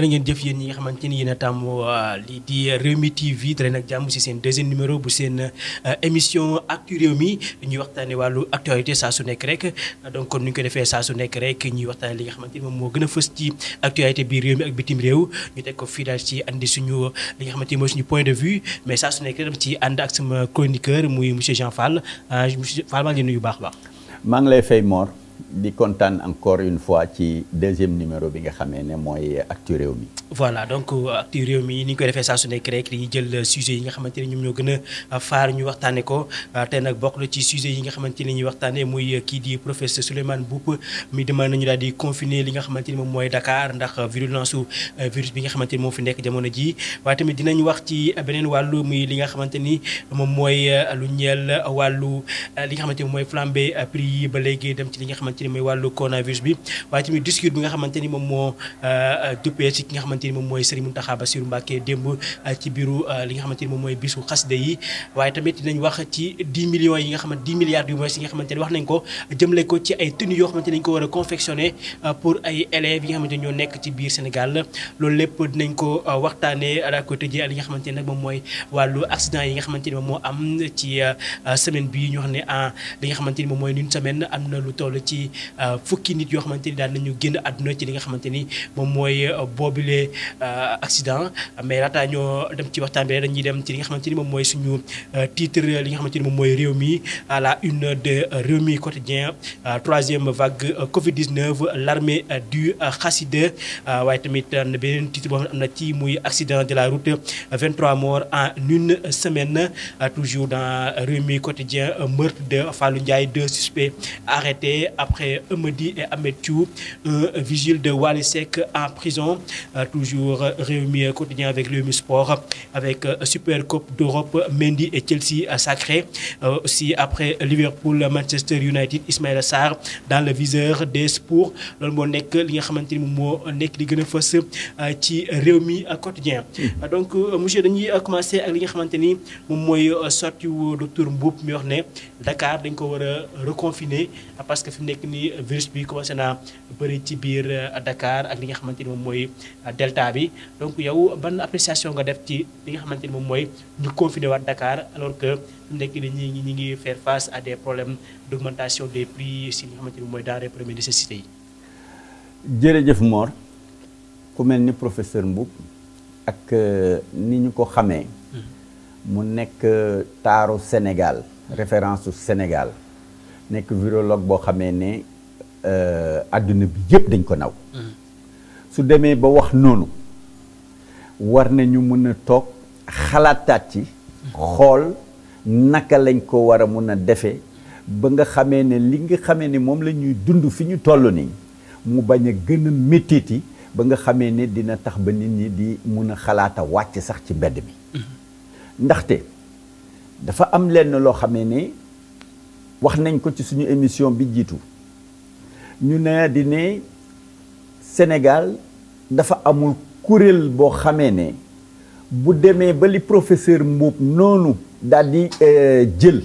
jërë ngeen jëf yéen ñi nga xamante ni yéen a tàmm euh, lii di mi TV dalee nag jàmm si seen deuxième numéro bu seen euh, émission Actu Rewmi ñuy waxtaan waxtaanee wàllu actualité saa su nekk rek donc kon ni ñu ko defee saa su nekk rek ñuy waxtaan li nga xamante ni moom moo gën a fës ci actualité bi réew mi ak bitim réew ñu teg ko fii ci indi suñu li nga xamante ni mooy suñu point de vue mais saa su nekk rek ci ànd ak sama chroniqueur muy monsieur Jean Fall euh, monsieur Fall maa ngi leen baax baax. maa ngi lay fay Mor. di kontaan encore une fois ci deuxième numéro bi nga xamee ne mooy actu réew mi. voilà donc euh, actu réew mi ni ñu koy defee saa su nekk rek dañuy jël euh, sujet yi nga xamante a euh, faar ñu waxtaanee ko tey yi nga xamante ne ñuy waxtaanee muy kii di professeur Souleymane Mboup mi demande nañu daal di confiner li nga xamante ni moom mooy Dakar ndax virulence su virus bi nga xamante ni moom fi nekk jamono jii waaye tamit dinañ wax li nga xamante ni moom mooy lu ñeel wàllu li nga xamante mooy flambée prix ba léegi dem ci li nga xamante xamante ni mooy wàllu coronavirus bi ci nga xamante moom mooy bisu xasida yi wax nañ ko jëmle ko ci ay tenues yoo xamante a moom mooy wàllu accident yi nga xamante moom moo am ci semaine bi ñu wax ne en li nga xamante moom mooy une semaine am na lu toll ci ci euh, fukki nit yoo xamante ni daal nañu génn àdduna ci li nga xamante ni moom mooy euh, boobule euh, accident mais laataa ñoo dem ci waxtaan bi rek dañuy dem ci li nga xamante ni moom mooy suñu titre li nga xamante ni moom mooy réew mii à la une de réew mi quotidien troisième vague Covid 19 l'armée du Khassida waaye tamit beneen titre boo xam am na ci muy accident de la route 23 morts en une semaine toujours dans Rewmi Quotidien meurtre de Fallou Ndiaye deux suspects arrêtés après Eumeudy et Ahmed Thiou un euh, de Wally Seck en prison euh, toujours Rewmi euh, quotidien avec Rewmi Sport avec Super Coupe d'Europe Mendy et Chelsea sacré aussi après Liverpool Manchester United Ismaïla Sarr dans le viseur des sports loolu moo nekk li nga xamante ni moom moo nekk li gën a fës ci réew Rewmi quotidien hmm. donc monsieur dañuy commencer ak li nga xamante ni moom mooy sorti wu docteur Mboup mi wax ne Dakar dañ ko war reconfiner parce que fi nekk nekk ni virus bi commencé naa bëri ci biir euh, dakaar ak li nga xamante ni moom mooy euh, delta bi donc yow ban appréciation nga def ci li nga xamante ni moom mooy ñu confiné waat Dakar alors que mu nekk ni ñi ñi ngi faire face à des problèmes d'augmentation des prix si li nga xamante moom mooy denrées premières nécessités yi. jërëjëf Mor ku mel ni professeur Mboup ak euh, ni ñu ko xamee. Hmm. mu nekk taaru Sénégal référence su Sénégal. nekk virologue boo xamee ne euh, àdduna bi yépp dañ ko naw mm. su demee ba wax noonu war nañu mën a toog xalaataat ci mm. xool naka lañ ko war a mun a defee ba nga xamee ne li nga xamee ne moom la ñuy dund fi ñu toll nii mu bañ a gën a méttiti ba nga xamee ne dina tax ba nit ñi di mun a xalaata wàcc sax ci mbedd bi mm. ndaxte dafa am lenn loo xamee ne wax nañ ko ci suñu émission bi jiitu ñu ne di ne Sénégal dafa amul kuréel boo xamee ne bu demee ba li professeur Mboup noonu daal di euh, jël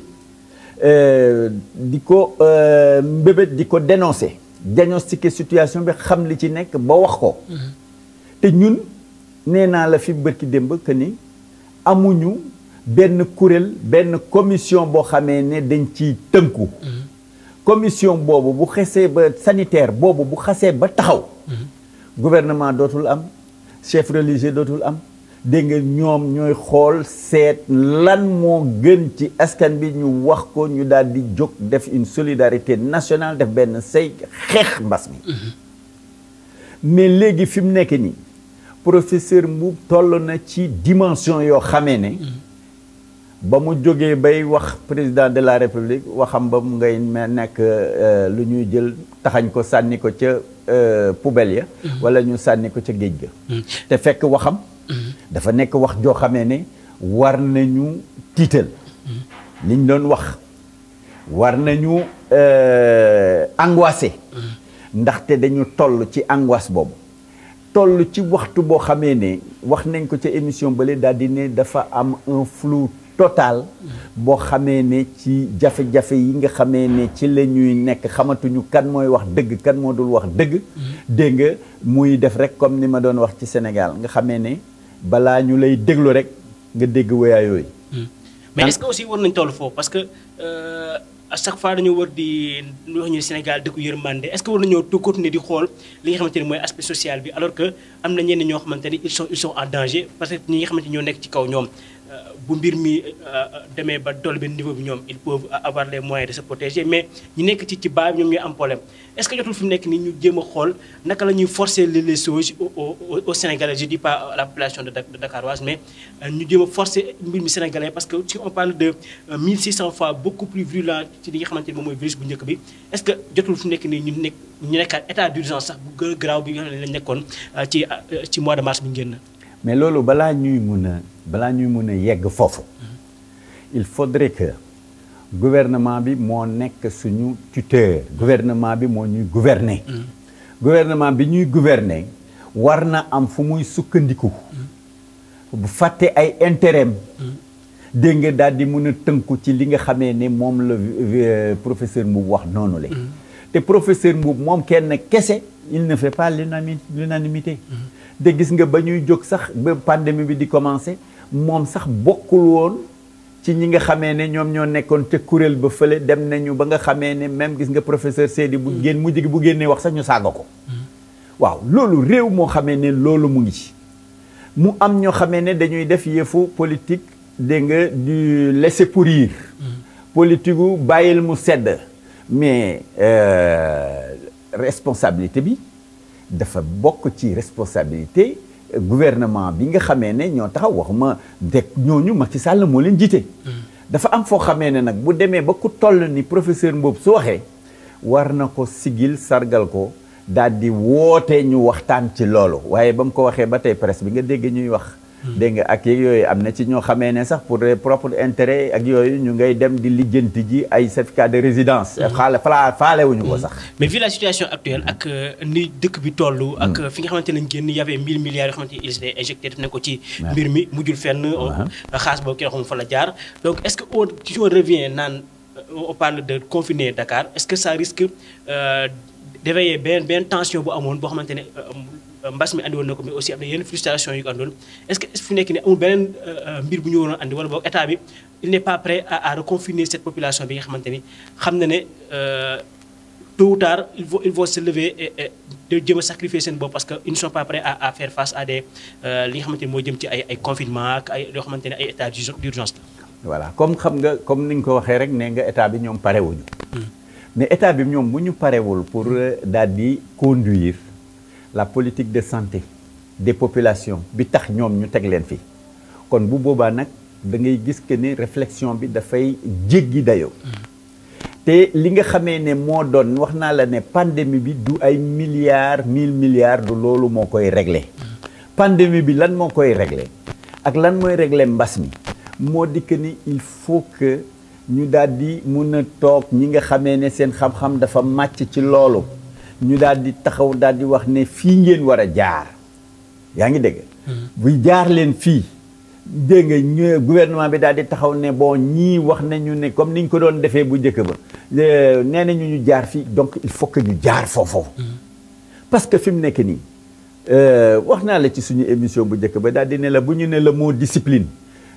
euh, di ko euh, mbébét di ko dénoncer diagnostiquer situation bi xam li ci nekk ba wax ko mm-hmm. te ñun nee naa la fi bërki démb que ni amuñu benn kuréel benn commission boo xamee ne dañ ci tënku. commission boobu bu xasee ba sanitaire boobu bu xasee ba taxaw. gouvernement dootul am chef religieux dootul am. dégg ñoom ñooy xool seet lan moo gën ci askan bi ñu wax ko ñu daal di jóg def une solidarité national def benn say xeex mbas mi. mais léegi fi mu nekk nii professeur Mboup toll na ci dimension yoo xamee ne. ba mu jógee bay wax président de la république waxam ba mu ngay nekk euh, lu ñuy jël taxañ ko sànni ko ca euh, poubelle ya mm-hmm. wala ñu sànni ko ca géej ga mm-hmm. te fekk waxam mm-hmm. dafa nekk wax joo xamee ne war nañu tiital liñ doon wax war nañu euh, angoissé ndaxte dañu toll ci angoisse boobu toll ci waxtu boo xamee ne wax nañ ko ca émission bale daal di ne dafa am un flou total boo xamee ne ci jafe-jafe yi nga xamee ne ci la ñuy nekk xamatuñu kan mooy wax dëgg kan moo dul wax dëgg dégg nga muy def rek comme ni ma doon wax ci Sénégal nga xamee ne balaa ñu lay déglu rek nga dégg woyaa yooyu mais est-ce que aussi war nañ toll foofu parce que euh, à chaque war di wax ñu Sénégal dëkku yërmande xool li nga xamante ni mooy aspect social bi alors que am na ñenn ñoo xamante ni ils sont ils en danger parce que ñi nga xamante ñoo nekk ci kaw ñoom bu mbir mi euh, demee ba toll bi niveau bi ñoom ils peuvent avoir les moyens de se protéger mais ñu nekk ci ci baa ñoom ñooy am problème est-ce que jotul fi mu nekk nii ñu jéem a xool naka la ñuy forcer les choses au au Sénégalais je dis pas à la euh, parce que si on parle de 1600 euh, fois beaucoup plus virulent ci li nga xamante ni mooy virus bu njëkk bi est-ce que jotul nekk nii ñu nekk ñu nekkaat état d'urgence sax bu gën bi nga xam ne nekkoon ci mois de mars bi ñu mais loolu balaa ñuy mun a balaa ñuy mun a yegg foofu mhm. il faudrait que gouvernement bi moo nekk suñu tuteur gouvernement bi moo ñuy gouverner mhm. gouvernement bi ñuy gouverner war na am fu muy sukkandiku mhm. bu fàtte ay intérêt dégg nga daal di mën a tënku ci li nga xamee ne moom la euh, professeur Mboub wax noonu le te professeur Mboub moom kenn kese il ne fait pas l'unanimité de gis nga ba ñuy jóg sax ba pandémie bi di commencé moom sax bokkul woon ci ñi nga xamee ne ñoom ñoo nekkoon ca kuréel ba fële dem nañu ba nga xamee ne même gis nga professeur Seydi bu mm. génn mu jig bu génnee wax sax ñu saaga ko mm. waaw loolu réew moo xamee ne loolu mu ngi ci mu am ñoo xamee ne dañuy def yëfu politique dégg nga du laisser pourrir mm. politique gu bàyyil mu sedd mais euh, responsabilité bi dafa bokk ci responsabilité gouvernement bi nga xamee ne ñoo taxaw waxuma ñu ñooñu ci sàll moo leen jiite. Mm. dafa am foo xamee ne nag bu demee ba ku toll ni professeur Mboob su waxee war na ko sigil sargal ko daal di woote ñu waxtaan ci loolu waaye ba mu ko waxee ba tey presse bi nga dégg ñuy wax. Mm. dégg nga ak yeeg yooyu am na ci ñoo xamee ne sax pour des propres intérêts ak yooyu ñu ngay dem di liggéen ji ay certificat de résidence. xaale mm. faale faalewuñu ko mm. sax. mais vu la situation actuelle ak euh, ni dëkk bi toll. ak fi nga xamante ne génn y avait 1000 milliards yoo xamante ni ils injecté def na ko ci. mbir mi mujjul fenn. Euh, xaas boobu kenn xamul fa la jaar donc est-ce que on si on revient naan euh, on parle de confiner Dakar est-ce que ça risque d'éveiller benn benn tension bu amoon boo xamante ne. Euh, mbas mi andi woon na ko mais aussi am na yenn frustration yu ko andoon euh, bi il n'est xam na ne euh, tôt ou tard ils vont ils vont se lever et seen bopp parce que ils ne sont pas prêts à à faire face ci ay ay confinement ak ay xamante ne ay état d'urgence la. voilà comme xam nga comme ni ñu ko waxee rek ne nga état bi ñoom parewuñu hmm. mais état bi ñoom bu ñu parewul pour daal di conduire. la politique de santé de populations bi tax ñoom ñu teg leen fii kon bu boobaa nag da ngay gis que ni réflexion bi dafay jéggi dayoo. te li nga xamee ne moo doon wax naa la ne pandémie bi du ay milliards mille milliards du loolu moo koy régle pandémie bi lan moo koy régle ak lan mooy régler mbas mi moo dikk ni il faut que ñu daal di mun a toog ñi nga xamee ne seen xam-xam dafa màcc ci loolu. ñu daal di taxaw daal di wax ne fii ngeen war a jaar yaa ngi dégg. Hmm. bu jaar leen fii. dégg nga gouvernement bi daal di taxaw ne bon ñii wax nañu ne comme ni ñu ko doon defee bu njëkk ba nee nañu ñu jaar fii donc il faut ñu jaar foofu. Hmm. parce que fi mu nekk nii euh, wax naa la ci suñu émission bu njëkk ba daal di ne la bu ñu ne la moo discipline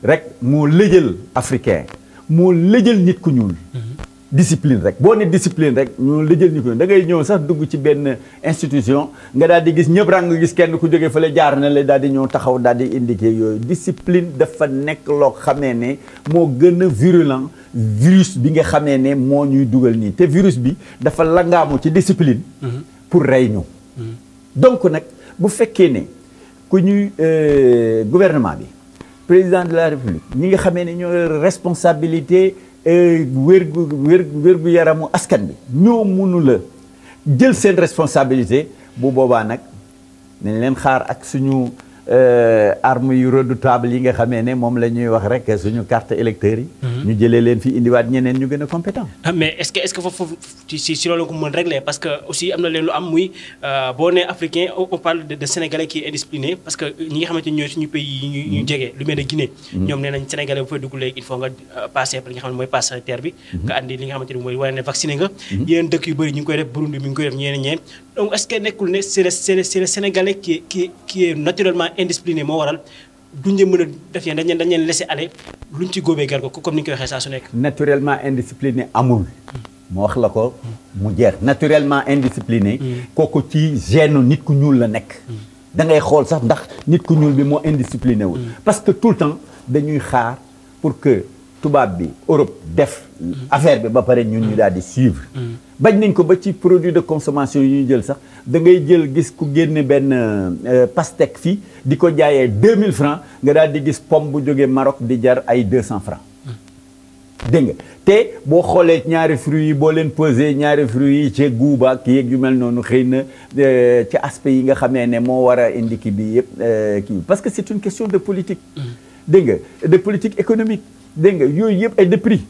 rek moo lëjal africain moo lëjël nit ku ñuul. Hmm. discipline rek boo ne discipline rek loolu la jël ni ko da ngay ñëw sax dugg ci benn institution nga daal di gis ñëpp nga gis kenn ku jógee fële jaar na la daal di ñëw taxaw daal di indiqué yooyu discipline dafa nekk loo xamee ne moo gën a virulent virus bi nga xamee ne moo ñuy dugal nii te virus bi dafa langaamu ci discipline. pour rey ñu. donc nag bu fekkee ne ku ñuy euh, gouvernement bi président de la république ñi nga xamee ne ñoo responsabilité. wér eh, gu wér wér gu yaramu askan bi ñoo mënu la jël seen responsabilité bu boobaa nag nañ leen xaar ak suñu Euh, arme yu redoutable yi nga xamee ne moom la wax rek suñu carte électeurs yi. Mhm. ñu jëlee leen fi indiwaat ñeneen ñu gën a compétent. Ah, mais est ce que est foofu si si loolu ko mën régler parce que aussi am na leen lu am muy euh, boo nee africain on parle de sénégalais qui est parce que ñi nga xamante ñooy suñu pays yi ñuy mhm. jege lu mel ne Guinée. Mhm. ñoom nee nañ bu fay dugg léegi nga euh, passer par li nga mooy passe sanitaire bi. nga andi ne vacciné nga. donc est-ce que nekkul ne c'est le c'est le sénégalais qui est qui est qui naturellement indiscipliné moo waral du leen mën a def yéen dañ leen dañ leen laisser aller luñ ci góobee gar ko comme ni ñu waxee saa su nekk. naturellement indiscipliné amul. mu wax la ko mu jeex naturellement indiscipliné. Mm. kooku ci gêne nit ku ñuul la nekk. Mm. da ngay xool sax ndax nit ku ñuul bi moo indiscipliné wul. Mm. parce que tout le temps dañuy xaar pour que. tubaab bi Europe def affaire bi ba pare ñun ñu daal di suivre bañ nañ ko ba ci produit de consommation yu ñu jël sax da ngay jël gis ku génne benn euh, pastèque fii di ko jaayee mille francs nga daal di gis pomme bu jógee Maroc di jar ay 200 francs dégg nga te boo xoolee ñaari fruits yi boo leen pesé ñaari fruits yi ci goût ba ak yeeg yu mel noonu xëy na euh, ci aspect yi nga xamee ne moo war a indi kii bi yëpp euh, kii parce que c'est une question de politique mm. dégg nga de politique dégg nga yooyu yëpp ay de prix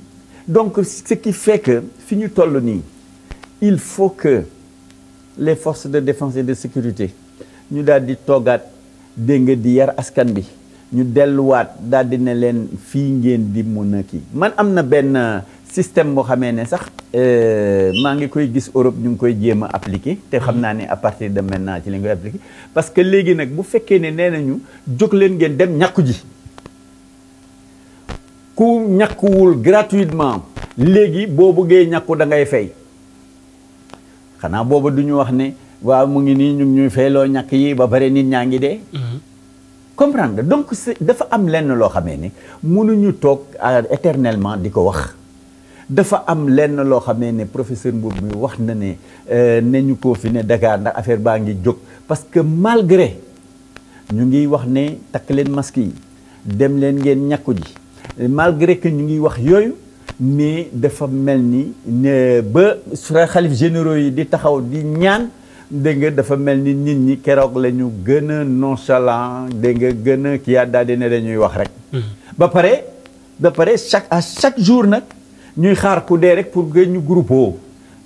donc ce qui fait fi ñu toll nii il faut que les forces de défense et de sécurité ñu daal di toogaat dégg nga di yar askan bi ñu delluwaat daal di ne leen fii ngeen di mun a kii man am na benn système boo xamee ne sax euh, maa ngi koy gis Europe ñu ngi koy jéem a appliqué te xam naa ne à partir de maintenant ci la ñu koy appliqué parce que léegi nag bu fekkee ne nee nañu jóg leen ngeen dem ñàkku ji ku ñàkkuwul gratuitement léegi boo bëggee ñàkku da ngay fay xanaa booba duñu wax ne waaw mu ngi nii ñu ñuy fayloo ñàkk yi ba pare nit ñaa ngi dee. Mhm. comprendre nga donc dafa am lenn loo xamee ni mënuñu toog euh, éternellement di ko wax. dafa am lenn loo xamee ne professeur Mboup muy wax na ne euh, ne ñu ko fi ne Dakar ndax affaire baa ngi jóg parce que malgré ñu ngi wax ne takk leen masque yi dem leen ngeen ñàkku ji. malgré que ñu ngi wax yooyu mais dafa mel ni ne ba sa xalif généraux yi di taxaw di ñaan dégg nga dafa mel ni nit ñi keroog la ñu gën a nonchalant dégg nga gën a kii yaa daal di ne dañuy wax rek. Mm-hmm. ba pare ba pare chaque à chaque jour nag ñuy xaar ku dee rek pour gën ñu groupe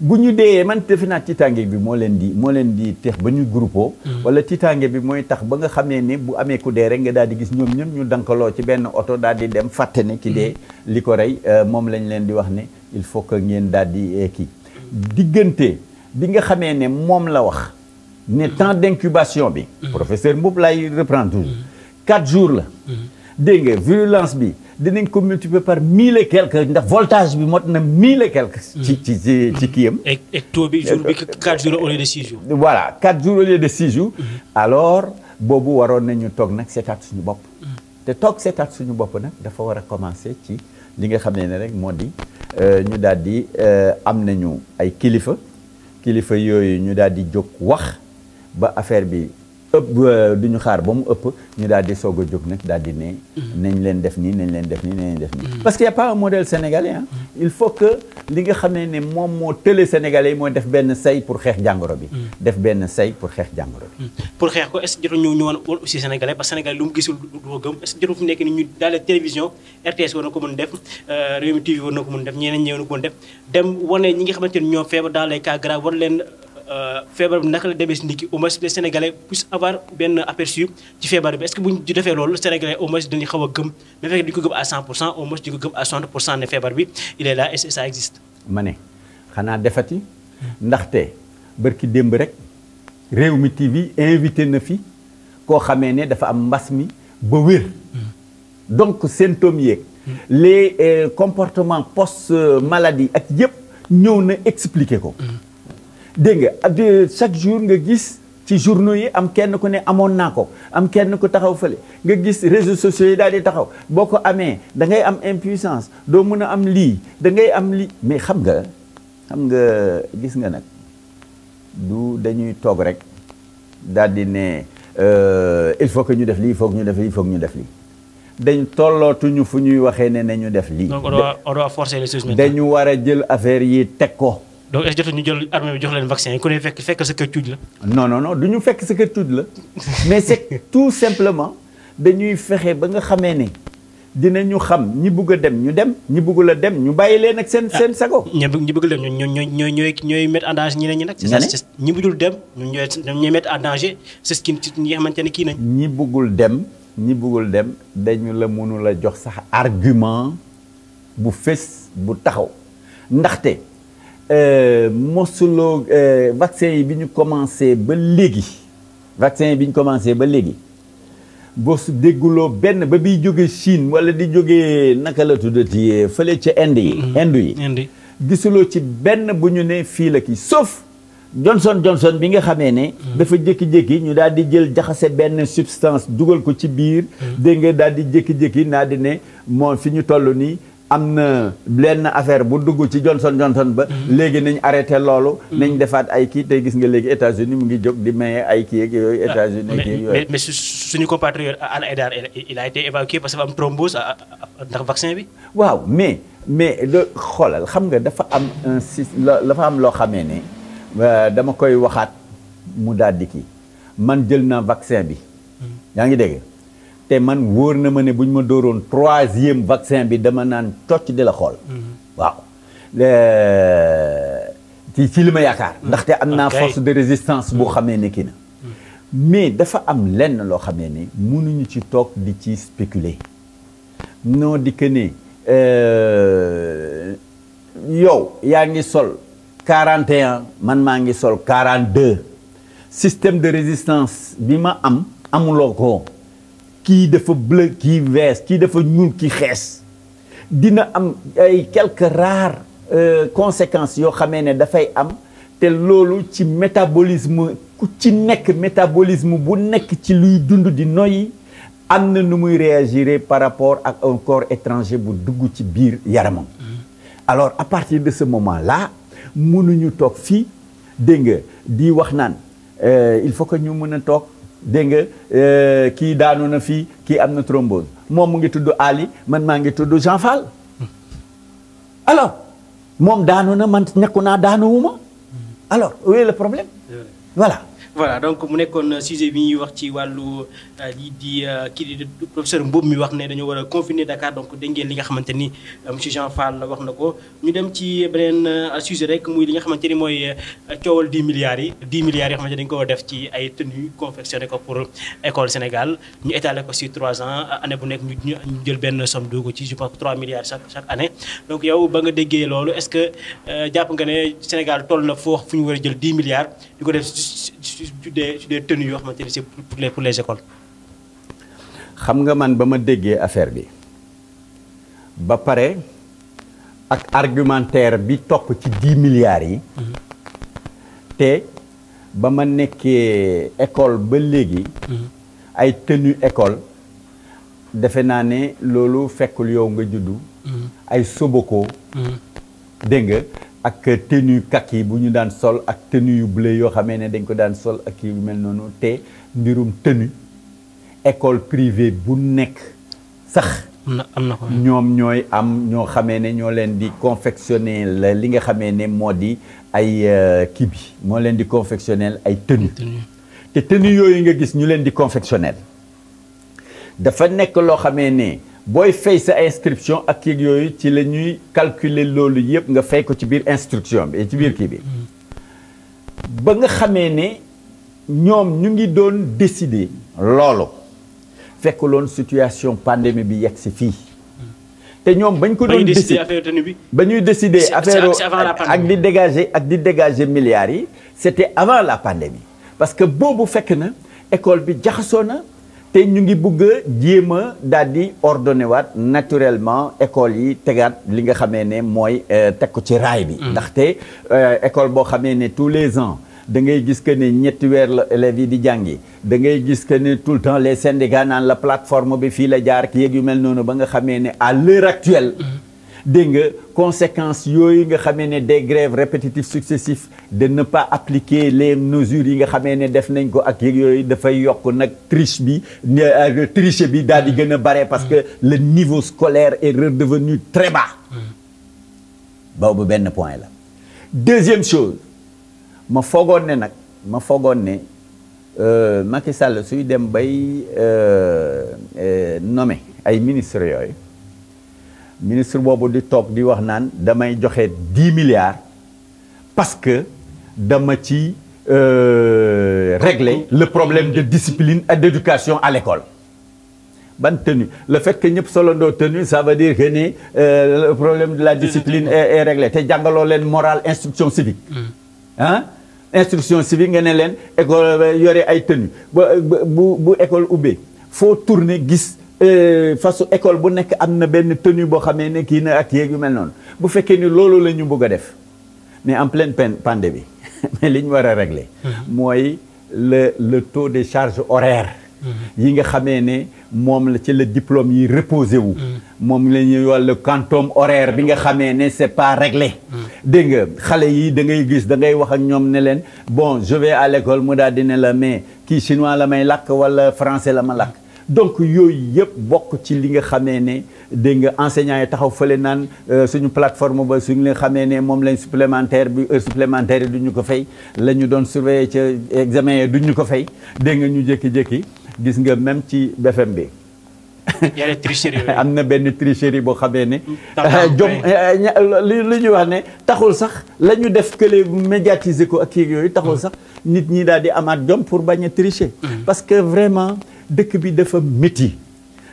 bu ñu deeyee man defe naa tiitaange bi moo leen di moo leen di teex ba ñu groupe mm. wala tiitaange bi mooy tax ba nga xamee ne bu amee ku dee rek nga daal di gis ñoom ñun ñu dankaloo ci benn oto daal di dem fàtte ne ki dee mm. li ko rey euh, moom lañ leen di wax ne il faut que ngeen daal di euh, kii diggante bi nga xamee ne moom la wax ne mm. temps d'incubation bi professeur Mboup lay reprendre toujours quatre jours la dégg virulence bi dinañ ko par mille et ndax voltage bi mot na mille et mm. ci ci ci kii am. et et bi jour bi quatre jours au lieu de six jours. voilà quatre jours au lieu de six jours. Mm-hmm. alors boobu waroon nañu toog nag seetaat suñu bopp. Mm. te toog seetaat suñu bopp nag dafa war a commencer ci li nga xam ne ne rek moo di euh, ñu daal di euh, am nañu ay kilifa kilifa yooyu ñu daal di jóg wax ba affaire bi. ëpp euh, du ñu xaar ba mu ëpp ñu daal di soog a jóg nag daal di ne. nañ leen def nii nañ leen def nii nañ leen def nii. Mm-hmm. parce que a pas un modèle sénégalais il faut que li nga xam ne ne moom moo tële sénégalais mooy def benn say pour xeex jàngoro bi. Mm-hmm. def benn say pour xeex jàngoro bi. Mm-hmm. pour xeex ko est ce que ñu ñu woon aussi sénégalais parce que sénégalais lu mu gisul du ko gëm est ce mu nekk nii ñu télévision RTS war na ko mën def euh, Rewmi TV war na ko mën def ñeneen ñi na ko mën def dem war Euh, feebar bi naka la demee si nit ki au moins les sénégalais puissent avoir benn aperçu ci feebar bi est ce que bu ñu defee loolu sénégalais au moins dañuy xaw a gëm mais fekk dañu ko gëm à ne feebar bi il est là et ça existe. ma ne xanaa defati ndaxte bërki démb rek réew mi TV invité na fi koo xamee ne dafa am mbas mi ba wér. donc symptômes yeeg. les euh, comportements post maladie ak yëpp ñëw na expliquer ko. dégg nga ah, chaque jour nga gis ci journaux yi am kenn ku ne amoon naa ko am kenn ku taxaw fële nga gis réseaux sociaux yi daal di taxaw boo ko amee da ngay am impuissance doo mën a am lii da ngay am lii mais xam nga xam nga gis nga nag du dañuy toog rek daal di ne euh, il faut que ñu def lii il faut que ñu def lii il faut que ñu def lii dañ tollootuñu fu ñuy waxee ne nañu def lii. donc on doit on doit forcer les dañu war a jël affaire yi teg ko. donc est-ce que jotul ñu jël armée bi jox leen vaccin yi ku ne fekk fekk sa kër cuuj la. non non non du ñu fekk sa kër cuuj la mais c'est tout simplement dañuy fexe ba nga xamee ne ñu xam ñi bëgg a dem ñu dem ñi bëggul a dem ñu bàyyi leen ak seen ah, seen sago. ñi ñi bëgg a dem ñooy ñooy ñooy ñooy mettre en danger ñeneen ñi nag. ñeneen ñi bëggul dem ñooy ñooy mettre en danger c'est ce qui ñi nga xamante ne kii nañ. ñi bëggul dem ñi bëggul dem dañu la mënul a jox sax argument bu fës bu taxaw ndaxte. Euh, mosuloo euh, vaccin yi bi ñu commencé ba léegi vaccin yi bi ñu commencé ba léegi boo su dégguloo benn ba biy jóge Chine wala di jóge naka la tuddati euh, fële ca mm-hmm. Inde yi Inde yi gisuloo ci benn bu ñu ne fii la kii sauf Johnson Johnson bi nga xamee ne mm-hmm. dafa jékki-jékki ñu daal di jël jaxase benn substance dugal ko ci biir mm-hmm. dégg nga daal di jékki-jékki naa di ne moom fi ñu toll nii am na lenn affaire bu dugg ci Johnson Johnson ba. Mhm. léegi nañ arrêté loolu. Mhm. nañ defaat ay kii tey gis nga léegi États-Unis mu ngi jóg di maye ay kii ak yooyu ah, États-Unis. ak yooyu mais mais suñu compatriote Al Haïdar il a été évacué parce que am thrombose ah, ah, ndax vaccin bi. waaw mais mais le xoolal xam nga dafa am un si dafa am loo xamee ne dama koy waxaat mu daal di kii man jël na vaccin bi. Mm. yaa ngi dégg. te man wóor na ma ne bu ma dóoroon troisième vaccin bi dama naan cocc di la xool. Mhm. waaw ci li ma yaakaar. Mhm. ndaxte am naa force de résistance boo mhm. xamee ne kii mais dafa am lenn loo xamee ni mënuñu ci toog di ci spéculer. non di que ne euh, yow yaa ngi sol. 41 man maa ngi sol quarante 42 système de résistance bi ma am amuloo ko. kii dafa bleu kii wees kii dafa ñuul kii xees dina am ay quelques rares euh, conséquences yoo xamee ne dafay am te loolu ci métabolisme ku ci nekk métabolisme bu nekk ci luy dund di noyyi am na nu muy réagir par rapport ak un corps étranger bu dugg ci biir yaramam mm-hmm. alors à partir de ce moment là mënuñu toog fii dégg nga di wax naan euh, il faut que ñu mën a toog dégg nga euh, kii daanu na fii kii am na thrombose moom mu ngi tudd Ali man maa ngi tudd Jean Fall alors moom daanu na man nekku naa daanu ma alors où est problème voilà voilà donc mu nekkoon sujet bi ñuy wax ci wàllu euh, lii di euh, kii di professeur Mboum mi wax ne dañoo war a confiner Dakar donc dégg ngeen li nga xamante ni euh, monsieur Jean Fall wax na ko ñu dem ci beneen sujet rek muy li nga xamante ni mooy coowal 10 milliards yi 10 milliards yoo xamante dañu ko def ci ay tenues confectionné ko pour école Sénégal ñu étalé ko sur 3 ans année bu nekk ñu jël benn somme dugg ci je pense 3 milliards chaque chaque donc yow ba nga déggee loolu est-ce que jàpp nga ne Sénégal toll na foo fu ñu war a jël 10 milliards di ko def ci des ci des tenues yoo xamante ni c'est pour les xam nga man ba ma déggee affaire bi ba pare ak argumentaire bi topp ci dix milliards yi. Mm-hmm. te ba ma nekkee école ba léegi. Mm-hmm. ay tenue école. defe naa ne loolu fekkul yow nga juddu. Mm-hmm. ay soboko. dégg ak tenu tenue yi bu ñu daan sol ak tenue yu bleu yoo xamee ne dañ ko daan sol ak kii yu mel noonu te mbirum tenue école privée bu nekk sax. am na ñoom ñooy am ñoo xamee ne ñoo leen di confectionner li nga xamee ne moo di ay euh, kii bi moo leen di confectionner ay tenue te tenue yooyu nga gis ñu leen di confectionner dafa nekk loo xamee ne. booy fay sa inscription ak yeeg yooyu ci la ñuy calculer loolu yëpp nga fay ko ci biir instruction bi ci biir kii bi mm-hmm. ba nga xamee ne ñoom ñu ngi doon décider loolu fekk loon situation pandémie bi yegg si fii mm-hmm. te ñoom bañ ko doon décider ba ñuy décider affaire ak di dégager ak di dégager milliards yi c'était avant la pandémie parce que boobu fekk na école bi jaxasoo na te ñu ngi bëgg a jéem a daal di ordonné waat naturellement école yi tegaat li nga xamee ne mooy euh, teg ko ci raay bi. Mm. ndaxte euh, école boo xamee ne tous les ans. da ngay gis que ne ñetti weer la élèves yi di jàngi da ngay gis que ne tout le temps les syndicats naan la plateforme bi fii la jaar ak yeeg yu mel noonu ba nga xamee ne à l'heure actuelle. Mm. dégg nga conséquences yooyu nga xamee ne des grèves répétitives successives de ne pas appliquer les mesures yi nga xamee ne def nañ ko ak yëg yooyu dafay yokk nag triche bi euh, triche bi daal di gën a bare parce que le niveau scolaire est redevenu très bas boobu benn point la deuxième chose ma foogoon ne nag ma foogoon ne euh, Macky Sall suy dem bay euh, nommé ay ministres yooyu ministre boobu di toog di wax naan damay joxe dix milliards parce que dama ci euh, régler le problème de discipline et d'éducation à l'école ban tenue la fait que ñëpp solondoo tenue ça veut dire que ni euh, problème de la discipline est, réglé te jàngaloo leen morale instruction civique ah instruction civique nga ne leen école yore ay tenue bu bu école ubbee foo tourner gis Euh, fasu école bu nekk am na benn tenue boo xamee ne kii na ak yeeg yu mel noonu bu fekkee ni loolu la ñu bëgg a def mais en pleine pandémie mais li ñu war a régler mhm. mooy le le taux de charge horaire mhm. yi nga xamee ne moom la ci la diplôme yi reposé wu mhm. moom la ñuy wàllu quantum horaire bi nga xamee ne c'est pas réglé dégg nga xale yi da ngay gis da ngay wax ak ñoom ne leen bon je vais à l'école mu daal di ne la mais kii chinois la may làkk wala français la ma lakk donc yooyu yëpp bokk ci li nga xamee ne dégg nga enseignants yi taxaw fële naan euh, suñu plateforme ba suñu nga xamee ne moom lañ supplémentaire bi heure yi du ñu ko fay la ñu doon surveiller ca examen yi du ñu ko fay dégg nga ñu jékki-jékki gis nga même ci BFM bi. am na benn tricherie boo xamee ne euh, jom euh, li ñuy wax ne taxul sax la ñu def kële médiatiser ko ak kii yooyu taxul sax nit ñi daal di amaat jom pour bañ a tricher mm-hmm. parce que vraiment dëkk bi dafa métti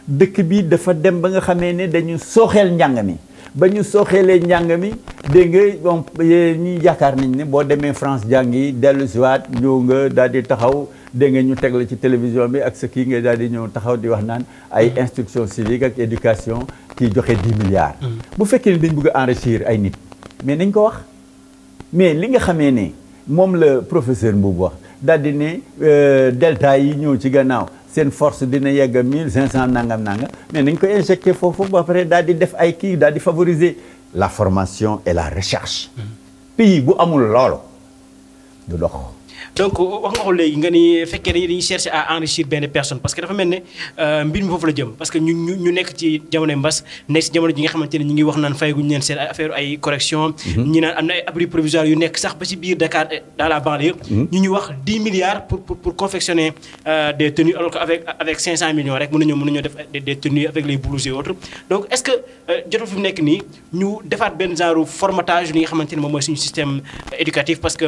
dëkk bi dafa dem ba nga xamee ne dañu sooxeel njàng mi ba ñu sooxeelee njàng mi dégg nga bon ñi yaakaar nañ ne boo demee France jàngi dellu si waat ñëw nga daal di taxaw dégg nga ñu teg la ci télévision bi ak sa kii nga daal di ñëw taxaw di wax naan ay mm-hmm. instruction civique ak éducation kii joxe 10 milliards. Mm-hmm. bu fekkee ne dañ bëgg a enrichir ay nit mais nañ ko wax mais li nga xamee ne moom la professeur Mboub wax daal di ne euh, delta yi ñëw ci gannaaw. seen force di na a mille cinq cent nangam nangam mais nañ koy injecté foofu ba pare daal di def ay kii daal di favoriser la formation et la recherche. Mm-hmm. pi bu amul loolu du dox. donc wax nga ko léegi nga ni fekkee dañuy chercher à enrichir benn personne parce que dafa mel ne euh, mbir mi foofu la jëm parce que ñu nekk ci jamono mbas nekk ci jamono ji ngi wax naan fayaguñ leen seen affaire ay correction mhm. ñi naan am nekk mhm. ñu ñu wax 10 milliards pour pour pour confectionner euh, des tenues alors que avec avec 500 millions nii ñu defaat benn genre formatage li nga xamante ne moom mooy suñu système euh, éducatif parce que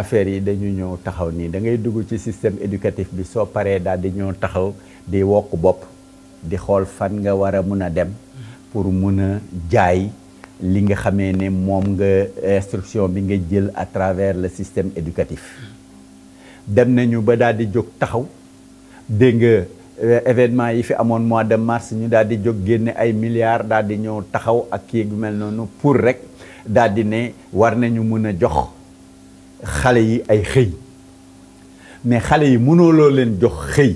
affaire yi dañu ñëw taxaw nii dangay dugg ci système éducatif bi soo paree daal di ñëw taxaw di wokk bopp di xool fan nga war a mun a dem pour mun a jaay li nga xamee ne moom nga instruction bi nga jël à travers le système éducatif dem nañu ba daal di jóg taxaw dégg nga euh, événement yi fi amoon mois de mars ñu daal di jóg génne ay milliards daal di ñëw taxaw ak kii gu mel noonu pour rek daal di ne war nañu mun a jox xale yi ay xëy mais xale yi mënoo loo leen jox xëy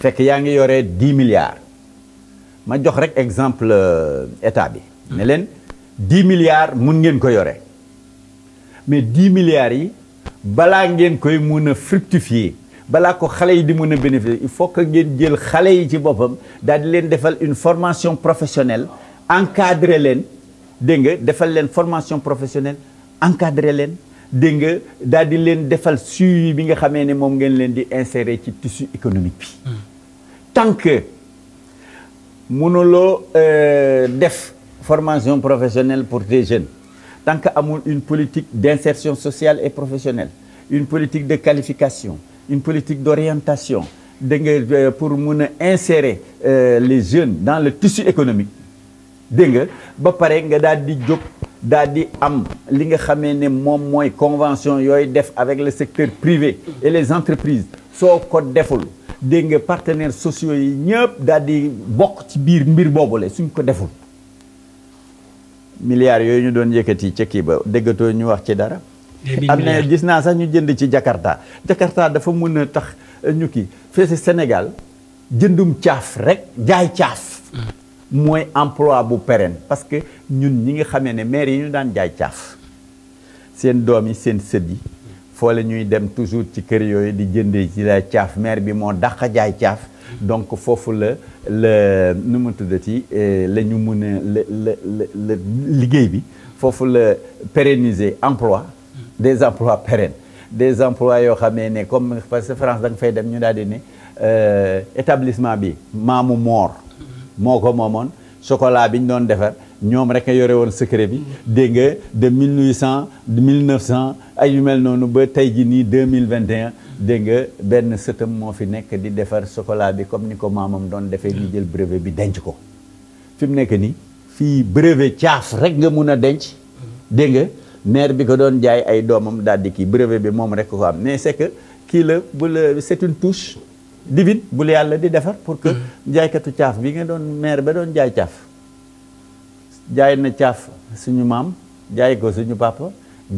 fekk yaa ngi yore dix milliards ma jox rek exemple euh, état bi. ne leen dix milliards mun ngeen ko yore mais dix milliards yi balaa ngeen koy mun a fructifier balaa ko xale yi di mun a bénéficier il faut que ngeen jël xale yi ci boppam daal di leen defal une formation professionnelle encadrer leen dégg nga defal leen formation professionnelle. encadrer leen dégg nga daal di leen defal suivi bi nga xamee ne moom ngeen leen di insérer ci tissu économique bi. Hmm. tant que mënuloo euh, def formation professionnel pour des jeunes tant que amul une politique d'insertion sociale et professionnel une politique de qualification une politique d'orientation dégg nga euh, pour mun a insérer euh, les jeunes dans le tissu économique dégg nga ba pare nga daal di jóg. daal di am li nga xamee ne moom mooy convention yooyu def avec le secteur privé et les entreprises soo ko deful dégg nga partenaires sociaux yi ñëpp daal di bokk ci biir mbir boobu boobule suñ ko deful milliards yooyu ñu doon yëkkati ca kii ba déggatoo ñu wax ci dara am na gis naa sax ñu jënd ci Jakarta Jakarta dafa mën a tax ñu ki fee Sénégal jëndum caaf rek jaay caaf mm. mooy emploi bu pérenne parce que ñun ñi nga xamee ne maire yi ñu daan jaay caaf seen doom yi seen sët yi foo la ñuy dem toujours ci kër yooyu di jëndee ci la caaf maire bi moo dàq jaay caaf donc foofu la la nu mu tuddati eh, la ñu mun a la liggéey bi foofu la pérenniser emploi des emplois pérennes des emplois yoo xamee ne comme parce que France da fay dem ñu daal di ne euh, établissement bi maamu moor moo ko moomoon chocolat bi ñu doon defar ñoom rek yore woon secret bi dégg nga de mille huit cent mille neuf cent ay yu noonu ba tey ji nii de mille vingt et un dégg benn sëtam moo fi nekk di defar chocolat bi comme ni ko maamam doon defee ñu jël breve bi denc ko fi mu nekk nii fii brevet caaf rek nga mun a denc dégg nga maire bi ko doon jaay ay doomam daal di kii brevet bi moom rek ko am mais c'est que kii la bu la c'est une touche divin bu la yàlla di defar pour que mm. jaaykatu caaf bi nga doon maire ba doon jaay caaf jaay na caaf suñu maam jaay ko suñu papa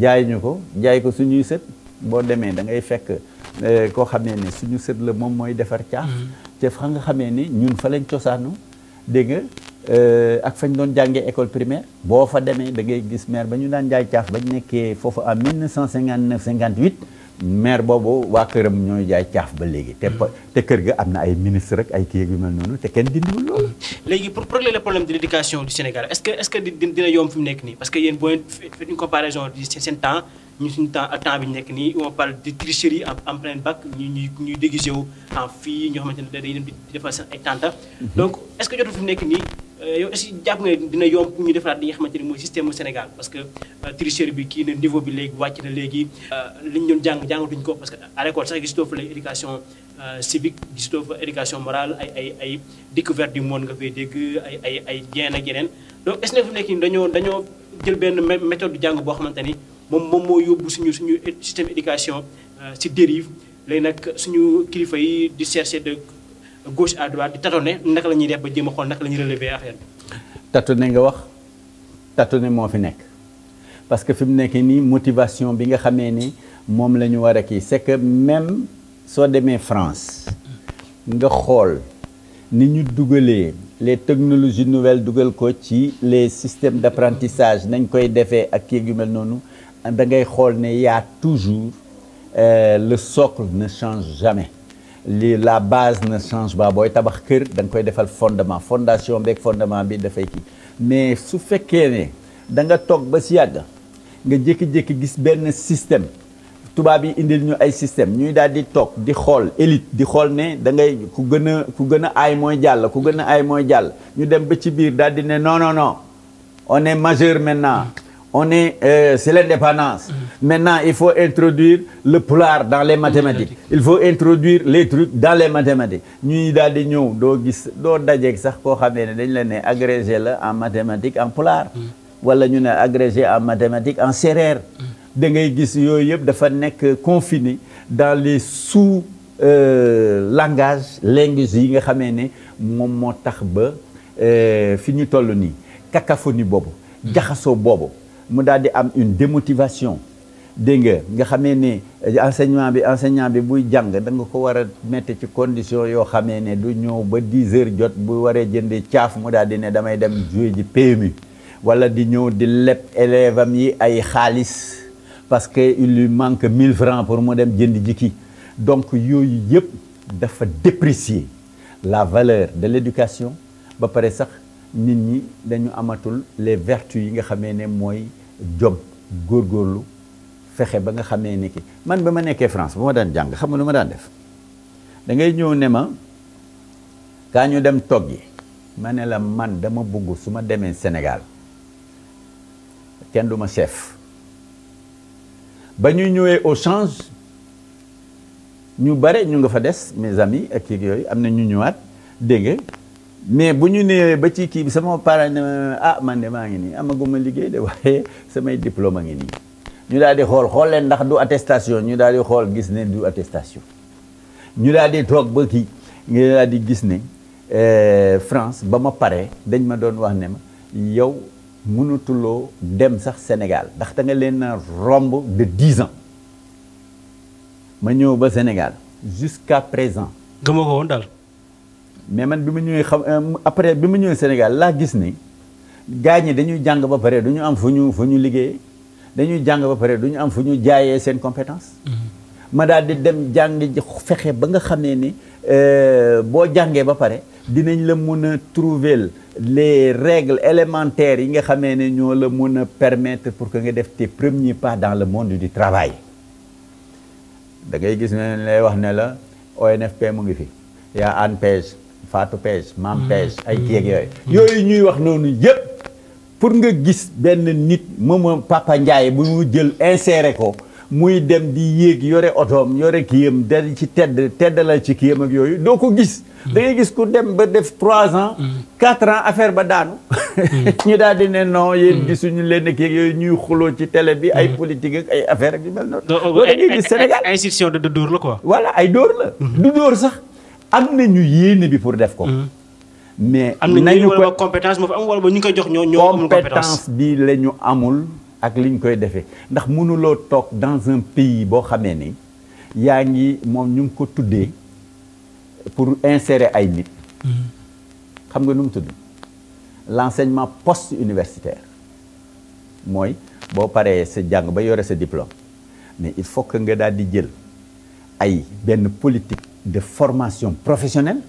jaay ñu ko jaay ko suñuy sët boo demee da ngay fekk eh, koo xamee ne suñu sët moom mooy defar caaf mm. te fa nga xamee ni ñun fa lañ cosaanu dégg nga eh, ak fañ doon jàngee école primaire boo fa demee da ngay gis maire ba ñu daan jaay caaf bañ nekkee foofu en 1959 58 maire boobu waa këram ñooy jaay caaf ba léegi. te hmm. kër ga am na ay ministre rek ay kii yu mel noonu te kenn dindiwul loolu. léegi pour problème de l'éducation du Sénégal est-ce que dina yomb fi mu nekk nii parce que yéen boo fait de tricherie en en bac ñu ñuy ñuy en fille ñoo xamante ne dañuy dem di ay tanta hmm. donc est-ce que jotul fi mu nekk nii. Euh, yow est-ce que jàpp nga dina yomb ñu defaraat li nga xamante ni mooy système mu Sénégal parce que euh, tricheur bi kii na niveau bi léegi wàcc na léegi euh, li ñu doon jàng jàngatuñ ko parce que à l'école sax gisutoo fa la éducation civique gisutoo fa éducation morale ay ay ay découverte du monde nga fay dégg ay ay ay yeneen ak yeneen donc est-ce fu nekk nii dañoo dañoo jël benn méthode jàng boo xamante ni moom moom moo yóbbu suñu suñu système éducation ci dérive léegi nag suñu kilifa yi di chercher de gauche à droite di tâtonner la ñuy def ba jéem a la ñuy relever affaire bi. tâtonner nga wax tato ne moo fi nekk parce que fi mu nekk nii motivation bi nga xamee ni moom la ñu war a kii c'est que même soo demee France nga xool ni ñu dugalee. les technologie nouvelle dugal ko ci les systèmes d'apprentissage nañ koy defee ak kii yu mel noonu da ngay xool ne y a toujours euh, le socle ne change jamais li la base na change ba booy tabax kër da koy defal fondement fondation beeg fondement bi dafay kii mais su fekkee ne da nga toog ba si yàgg nga jékki-jékki gis benn système tubaab yi indil ñu ay système ñuy daal di toog di xool élite di xool ne da ngay ku gën a ku gën a aay mooy jàll ku gën a aay mooy jàll ñu dem ba ci biir daal di ne non non non on est majeur maintenant on est euh, c'est l'indépendance mm-hmm. maintenant il faut introduire le pulaar dans les mathématiques il faut introduire les trucs dans les mathématiques ñuy daal di ñëw doo gis doo dajeeg sax koo xamee ne dañ la ne agrégé la en mathématiques en pulaar mm-hmm. wala ñu ne agrégé en mathématiques en séeréer mm-hmm. da gis yooyu yëpp dafa nekk confiné dans les sous euh, langage linguistes yi nga xamee ne moom moo tax ba euh, fi ñu toll nii cacophonie boobu jaxasoo boobu mu daal di am une démotivation dégg nga nga xamee ne eh, enseignement bi enseignant bi buy jàng da nga ko war a mette ci condition yoo xamee ne du ñëw ba 10 heures jot bu waree jëndee caaf mu daal di ne damay dem jouer ji PMU wala di ñëw di leb élève yi ay xaalis parce que il lui manque 1000 francs pour mu dem jënd jikki donc yooyu yëpp dafa déprécier la valeur de l'éducation ba pare sax nit ñi dañu amatul les vertus yi nga xamee ne mooy góor góorlu fexe ba nga xamee ni ki man ba ma nekkee France ba ma daan jàng xam nga lu ma daan def dangay ñëw ne ma kaa ñu dem togg yi ma ne la man dama bëgg su ma demee Sénégal kenn du ma chef ba ñu ñëwee au change ñu bare ñu nga fa des mes amis ak kii yooyu am na ñu ñëwaat dégg mais bu ñu nee ba ci kii bi sama pare ah man de maa ngi nii amaguma liggéey de waaye samay diplôme a ngi nii ñu daal di xool xool leen ndax du attestation ñu daal di xool gis ne du attestation ñu daal di toog ba kii ñu daal di gis ne eh, France ba ma pare dañ ma doon wax ne ma yow mënatuloo dem sax Sénégal ndax da leen a romb de dix ans ma ñëw ba Sénégal jusqu'à présent gëmoo ko woon daal mais man bi ma ñëwee xam euh, après bi ma ñëwee Sénégal laa gis ni gars ñi dañuy jàng ba pare du ñu am fu ñu fu ñu liggéeyee dañuy jàng ba pare du ñu am fu ñu jaayee seen compétence. Mm-hmm. ma daal di dem jàng fexe ba nga xamee ni euh, boo jàngee ba pare dinañ la mun a trouver le règles élémentaires yi nga xamee ne ñoo la mun a permettre pour que nga def tes premiers pas dans le monde du travail da ngay gis ne lay wax ne la ONFP mu ngi fi. yaa ANPEJ Fatou Pej Maam mm-hmm. Pej ay kéeg mm-hmm. yooyu mm-hmm. ñuy wax noonu yëpp pour nga gis benn nit moom Papa Ndiaye bu mu jël inséré ko muy dem di yéeg yore otoom yore kiyam da ci tedd teddalal ci kiyam ak yooyu doo ko gis da gis ku dem ba def trois ans quatre ans affaire ba daanu ñu daal di ne non yéen gisuñu leen kii yooyu ñuy xuloo ci tele bi ay politique ak ay affaire ak yu mel noonu loolu da gis Sénégal institution de dóor la quoi voilà ay dóor la du dóor am ñu yéene bi pour def ko. Mm-hmm. mais nañu ko nañu compétence moo fi am wala ba ñu ko jox ñoo ñoo amul compétence bi la ñu amul ak li ñu koy defee ndax mënuloo toog dans un pays boo xamee ni yaa ngi moom ñu ngi ko tuddee pour insérer ay nit. Mm-hmm. xam nga nu mu tudd l'enseignement post universitaire mooy boo paree sa jàng ba yore sa diplôme mais il faut que nga daal di jël ay benn politique. de formation professionnelle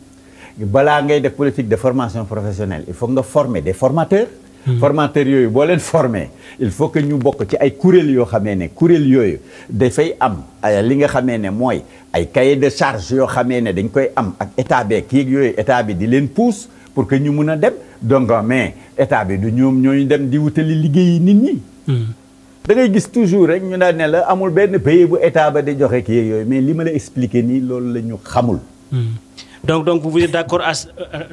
balaa ngay def politique de formation professionnelle il faut nga former des formateurs hmm. formateurs yooyu boo leen formé il faut que ñu bokk ci ay kuréel yoo xamee ne kuréel yooyu dafay am ay li nga xamee ne mooy ay cahier de charge yoo xamee ne dañ koy am ak état bi kii yooyu état bi di leen pousse pour que ñu mun a dem donc mais état bi du ñoom ñooñu dem di wutali liggéeyi nit ñi hmm. da ngay gis toujours rek ñu daal ne la amul benn pays bu état ba di joxe kii yooyu mais li ma la expliqué nii loolu la ñu xamul. Hmm. donc donc vous êtes d' accord à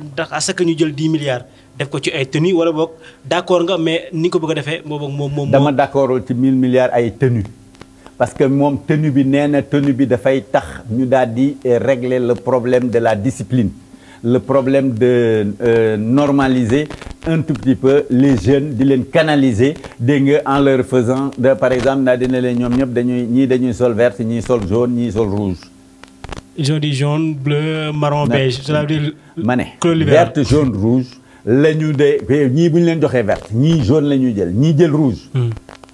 ndax à ce euh, ñu jël dix milliards def ko ci ay tenues wala boog d' accord nga mais ni ko bëgg defee moo boog moom moom. dama d' accordul ci mille milliards ay tenues. parce que moom tenue bi nee na tenue bi dafay tax ñu daal di régler le problème de la disipline le problème de euh, normaliser un tout petit les jeunes di leen canaliser dégg nga en leur faisant de par exemple ndaa dina leen ñoom ñëpp dañuy ñii dañuy sol vert ñii sol jaune ñii sol rouge ils ont dit jaune bleu marron beige cela ma ne vert jaune rouge la ñu de ñii bu ñu leen joxee vert ñii jaune la ñuy jël ñii jël rouge hmm.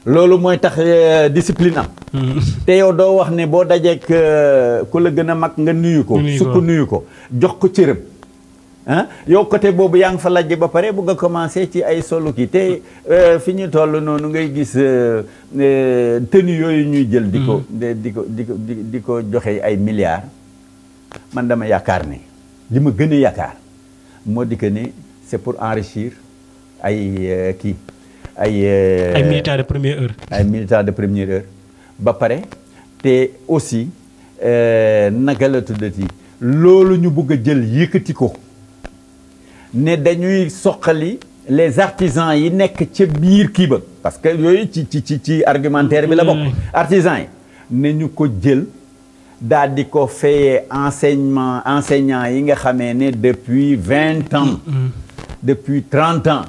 loolu mooy tax euh, discipline am hmm. te yow doo wax ne boo dajee euh, ku la gën a mag nga nuyu ko sukk nuyu ko jox ko cërëm ah yow côté boobu yaa ngi fa lajj ba pare bugg a commencé ci ay solo ki te euh, fi ñu toll noonu ngay gis euh, euh, tenue yooyu ñuy jël. di ko mm. di ko di ko di ko joxe ay milliards. man dama yaakaar ne li ma gën yaakaar moo di que ne c'est pour enrichir ay kii ay. ay militaires de première heure. ay militaires de première heure ba pare te aussi naka la tuddati loolu ñu bugg a jël yëkkati ko. ne dañuy soqali les artisans yi nekk ca biir kii ba parce que yooyu ci ci ci ci argumentaire bi la bokk. Mm-hmm. artisans yi ne ñu ko jël daal di ko fayee enseignement enseignants yi nga xamee ni depuis vingt ans. Mm-hmm. depuis trente ans.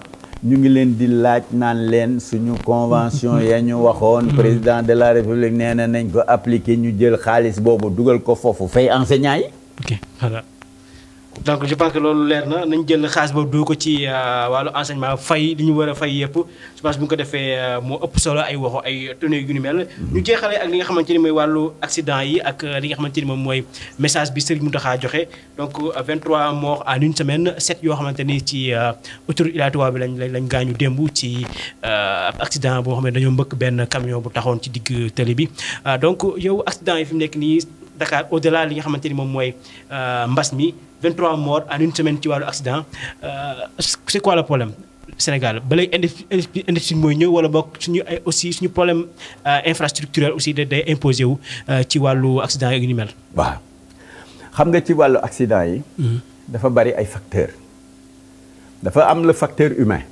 ñu ngi leen di laaj naan leen suñu convention ya ñu waxoon mm-hmm. président de la république nee na nañ ko appliquer ñu jël xaalis boobu dugal ko foofu fay enseignants yi. donc je pense que loolu leer na nañ jël xaalis boobu doo ko ci euh, wàllu enseignement fay li ñu war a fay yëpp je pense bu ñu ko defee euh, moo ëpp solo ay waxu ay tonne yu ni mel ñu jeexalee ak li nga xamante ni mooy wàllu accident yi ak euh, li nga xamante ni moom mooy message bi Serigne Mountakha joxe donc 23 morts en une semaine set yoo xamante ni ci autoroute Ila Touba bi lañ lañ gaañu démb ci ab accident boo xam ne dañoo mbëkk benn camion bu taxoon ci diggu télé bi donc yow accident yi fi nekk nii. Dakar au delà li nga xamante ni moom mooy euh, mbas mi 23 morts en une semaine ci wàllu accident euh, c'est quoi le problème Sénégal ba léegi indéficit mooy ñëw wala boog suñu ay aussi suñu problème euh, infrastructurel aussi da day imposé wu ci wàllu accident yi ni mel. waaw xam nga ci wàllu accident yi. Mm-hmm. dafa bari ay facteurs. dafa am le facteur humain.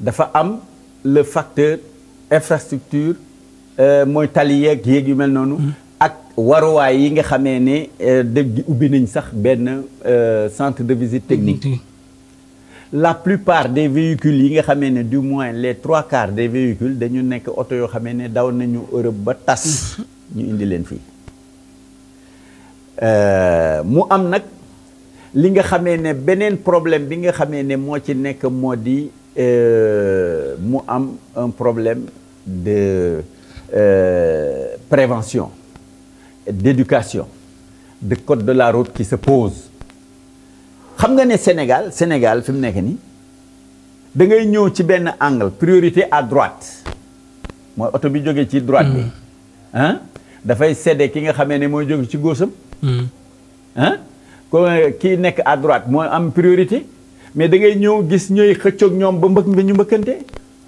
dafa am le facteur infrastructure mooy tali yeeg yu mel noonu. Mm-hmm. waruwaay yi nga xamee ne euh, dëgg gi ubbi nañ sax benn euh, centre de visite technique mm-hmm. la plupart des véhicules yi nga xamee ne du moins les trois quarts des véhicules dañu nekk oto yoo xamee ne daw nañu Europe ba tas mm-hmm. ñu indi leen fii euh, mu am nag li nga xamee ne beneen problème bi nga xamee ne moo ci nekk moo di mu am un problème de euh, prévention d'éducation de code de la route qui sa pose xam nga ne Sénégal Sénégal fi mu nekk nii da ngay ñëw ci benn angle priorité à droite mooy oto bi jóge ci droite bi ah dafay cédé ki nga xamee ne mooy jóge ci góosam ah mm-hmm. ko kii nekk à droite mooy am priorité mais da ngay ñëw gis ñooy xëccoog ñoom ba mbëkk ñu mbëkkante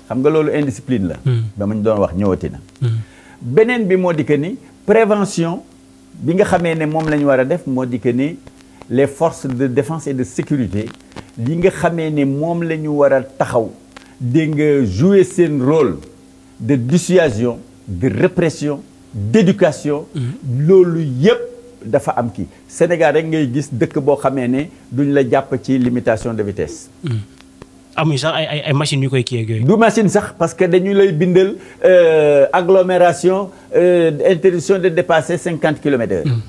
xam nga loolu indiscipline la dama mm-hmm. ñu doon wax ñëwati na beneen bi moo di ni prévention bi nga xamee ne moom la ñu war a def moo di que ne les forces de défense et de sécurité li nga xamee ne moom la ñu war taxaw dégg nga jouer seen rôle de dissuasion de répression d'éducation mm-hmm. loolu yëpp dafa am ki Sénégal rek ngay gis dëkk boo xamee ne duñ la jàpp ci limitation de vitesse mm. amuñu sax ay ay machines yu koy kii ak yooyu. du machine sax parce que dañu lay bindal euh, agglomération euh, interdiction de dépasser cinquante kilomètres heure. Hmm.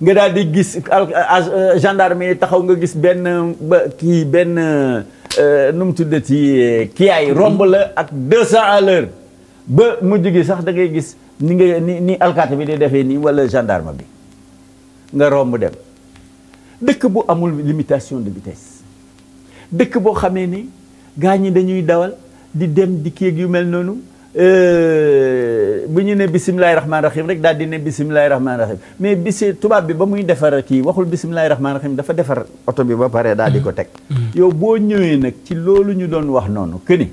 nga daal di gis euh, gendarmerie taxaw nga gis benn kii benn nu mu tuddee ci kii ay romb la ak deux cent à l'heure ba mujj gi sax da ngay gis ni nga ni ni alkaati bi di defee nii wala gendarme bi nga romb dem dëkk bu amul limitation de vitesse. dëkk boo xamee ne gaa ñi dañuy dawal di dem di kéeg yu mel noonu euh, bu ñu ne bisim bisimilahi rahmaani rahim rek daal di ne bisimilahi rahmaani rahim mais bisi tubaab bi ba muy defar kii waxul bisimilahi rahmaani rahim dafa defar oto bi ba pare daal di ko teg. Mm-hmm. yow boo ñëwee nag ci loolu ñu doon wax noonu que ni